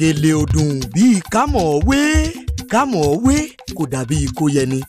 gèlè ò dùn bíi kámọ̀ọ́wé kámọ̀ọ́wé kò dàbí kóyẹni